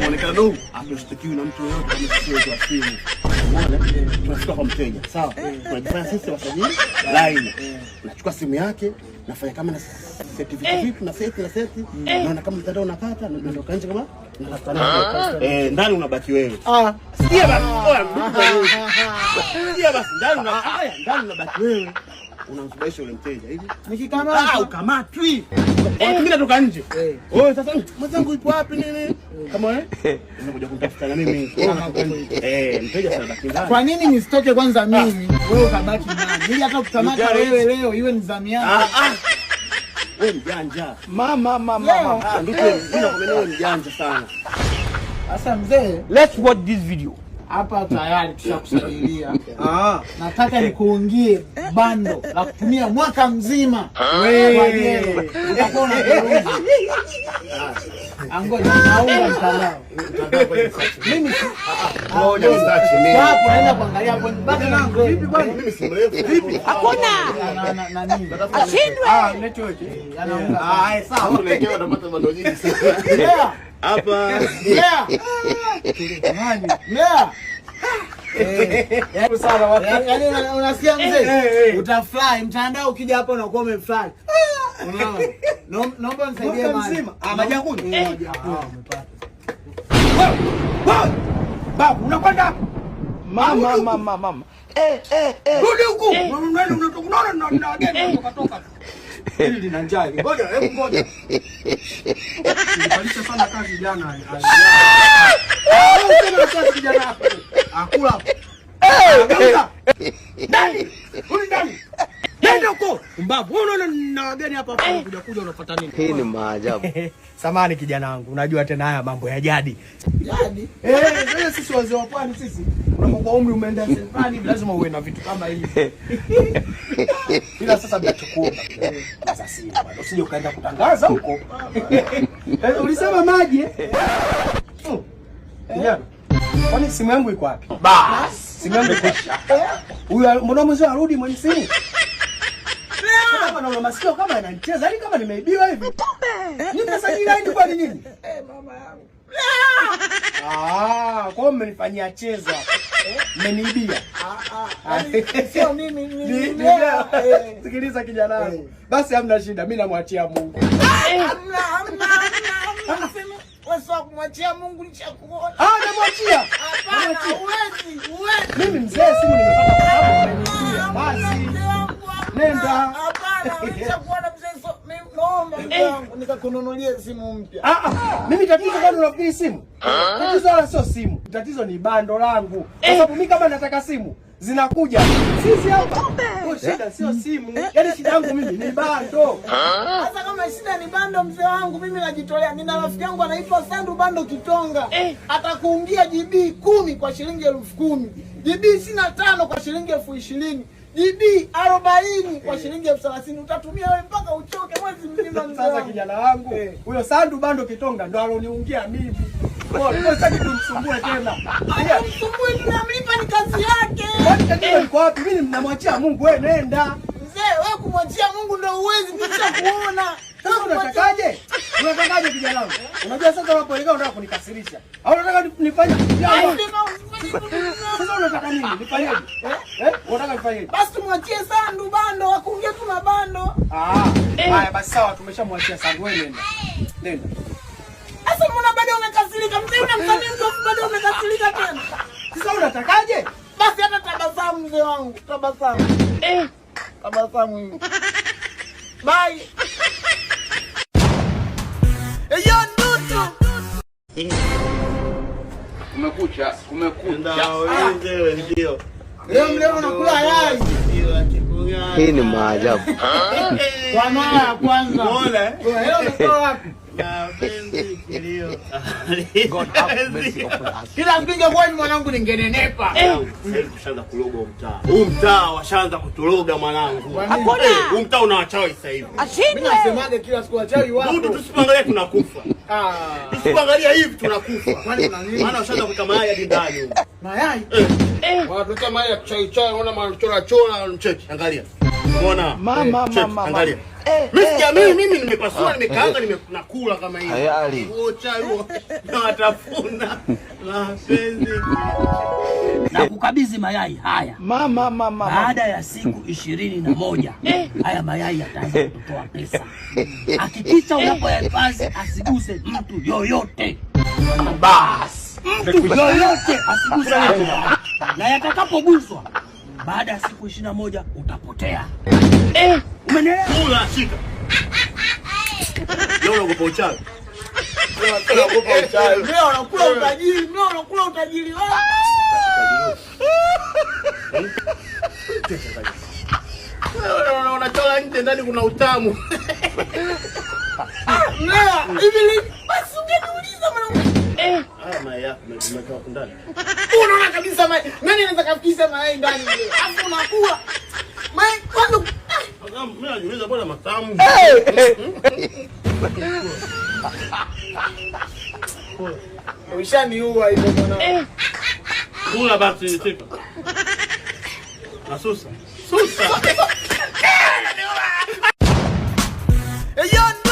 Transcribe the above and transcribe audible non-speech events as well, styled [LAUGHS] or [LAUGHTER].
mwonekano ameshtakiwi na mtu yoyote asili tunafika kwa mteja sawa, tunajifanya sisi wasajili laini, nachukua simu yake, nafanya kama na certificate vitu na seti na seti, naona kama mtandao unakata, natoka nje kama ah. eh, ndani unabaki wewe. Ah, sikia basi, ndani unabaki wewe unamsubaisha yule mteja hivi, nikikamata ah, ukamatwi, mimi eh. natoka nje. Eh. Wewe sasa mwenzangu yupo wapi nini? Eh. Kama wewe unakuja kunitafuta na mimi [LAUGHS] eh, mteja sana baki Kwa nini nisitoke kwanza ah. mimi, wewe ukabaki nani? Mimi hata kukamata wewe leo iwe ni zamu yangu. Ah, wewe mjanja mama, mama, ndio mimi nakwambia wewe mjanja sana. Sasa mzee, let's watch this video hapa tayari tushakusajilia. Nataka nikuungie bando la kutumia mwaka mzima. Unasikia mzee, utafurahi. Mtandao ukija hapa unakuwa umefurahi. Naomba nisaidie majanguni, babu, unakwenda mama, mama, mama, rudi huku, eh, eh, eh. unaona wageni Hili lina njali. Ngoja, hebu ngoja. Nilifanyisha sana kazi jana. Au tena kazi jana. Akula. Mbavu, unaona na wageni hapa hapa eh. kuja nini? Hii ni maajabu. [LAUGHS] Samani kijana wangu, unajua tena haya mambo ya jadi. Jadi? Eh, eh, eh sisi wazee wa pwani sisi unapokuwa umri umeenda sefani lazima uwe na vitu kama hivi. [LAUGHS] Ila sasa Sasa bado usije ukaenda kutangaza huko. [LAUGHS] Ulisema maji eh? Oh, kijana. Kwani simu yangu iko wapi? Bas, simu yangu iko. Huyu mbona mzee arudi mwenye simu? Kama naona masikio kama yanacheza, yani kama nimeibiwa hivi. Mtumbe. Nitasajili nini kwa [LAUGHS] nini? Eh, mama yangu. Ah, kwa mmenifanyia cheza. Mmeniibia. Ah, ah, sio mimi mimi. Eh. Sikiliza kijana eh. wangu. Basi hamna shida, mimi namwachia Mungu. Eh, hamna, hamna, hamna. Ah. Wewe sio kumwachia Mungu ni cha Ah, namwachia. Hapana, huwezi, huwezi. Mimi bwana mzee, mimi naomba mwanangu eh, eh. nikakununulie simu mpya. Ah ah, mimi tatizo bado unafikiri simu? Tatizo wala sio simu. Tatizo ni bando langu. Kwa eh. sababu mimi kama nataka simu zinakuja. Sisi hapa. Kwa shida sio simu. Yaani shida yangu mimi ni bando. Sasa kama shida ni bando mzee wangu mimi najitolea. Nina rafiki yangu anaitwa Sandu Bando Kitonga. Atakuungia GB kumi kwa shilingi elfu kumi. GB tano kwa shilingi elfu ishirini. DD arobaini kwa shilingi elfu thelathini utatumia wewe mpaka uchoke mwezi mzima. Sasa kijana wangu eh. huyo Sandu Bando Kitonga ndo aloniungia mimi, sitaki tumsumbue tena. Msumbue, tunamlipa ni kazi yake. Iko wapi? Mimi mnamwachia Mungu, wewe nenda mzee. Wewe kumwachia Mungu ndo uwezi kisha kuona sasa unatakaje? Unatakaje kijana wangu? Unajua sasa unapoelekea unataka kunikasirisha au unataka nifanye sasa unataka Basi tumwachie Sandu bando, akuongea tu na Ah. Haya basi sawa, tumeshamwachia Sandu, wewe nenda. Nenda. Sasa mbona bado umekasirika? Mzee unamsamia mtu bado umekasirika tena. Sasa unatakaje? Basi hata tabasamu mzee wangu, tabasamu. Eh. Tabasamu hivi. Bye. Eyo ndutu. Eh. Kumekucha, kumekucha. Ah! Leo mleo nakula yai. Hii ni maajabu. [LAUGHS] Kwa mara ya kwanza. Eh? Leo nakula wapi? Kila mpiga bwani mwanangu ningenenepa. Tushaanza kuloga mtaa. Huu mtaa washaanza kutuloga mwanangu. Hakuna. Huu mtaa una wachawi sasa hivi. Ashinde. nasemaje kila siku wachawi wapo. Dudu tusipangalia tunakufa. Ah. Tusipangalia hivi tunakufa. Kwani maana washaanza kuta mayai hadi ndani. Mayai? Wanatuta mayai ya chai chai, unaona mchora chora mcheche. Angalia. Mwana. Mama eh, mama. Angalia. Eh, mimi sija eh, mimi mimi nimepasua nimekaanga nimekula kama hivi. Tayari. Uocha huo. Na watafuna. Na penzi. Na kukabidhi mayai haya. Mama mama. Baada ya siku ishirini na moja haya mayai yataanza kutoa pesa. Hakikisha unapoyapazi asiguse mtu yoyote. Bas. Mtu yoyote asiguse. Na yatakapoguswa baada ya siku ishirini na moja uta kupotea. Eh, umeelewa? Kula shika. Leo unaogopa uchawi. Leo unakula utajiri, leo unakula utajiri wako. Unatoka nje ndani kuna utamu. Leo hivi basi ungeniuliza mwanangu. Eh, mayai yako umetoka ndani. Unaona kabisa mayai. Nani anaweza kafikisha mayai ndani? Alafu unakuwa mimi najiuliza bwana matamu. Ushaniua hivyo mwanangu. Kula basi tipa. Na susa. Susa. Eyon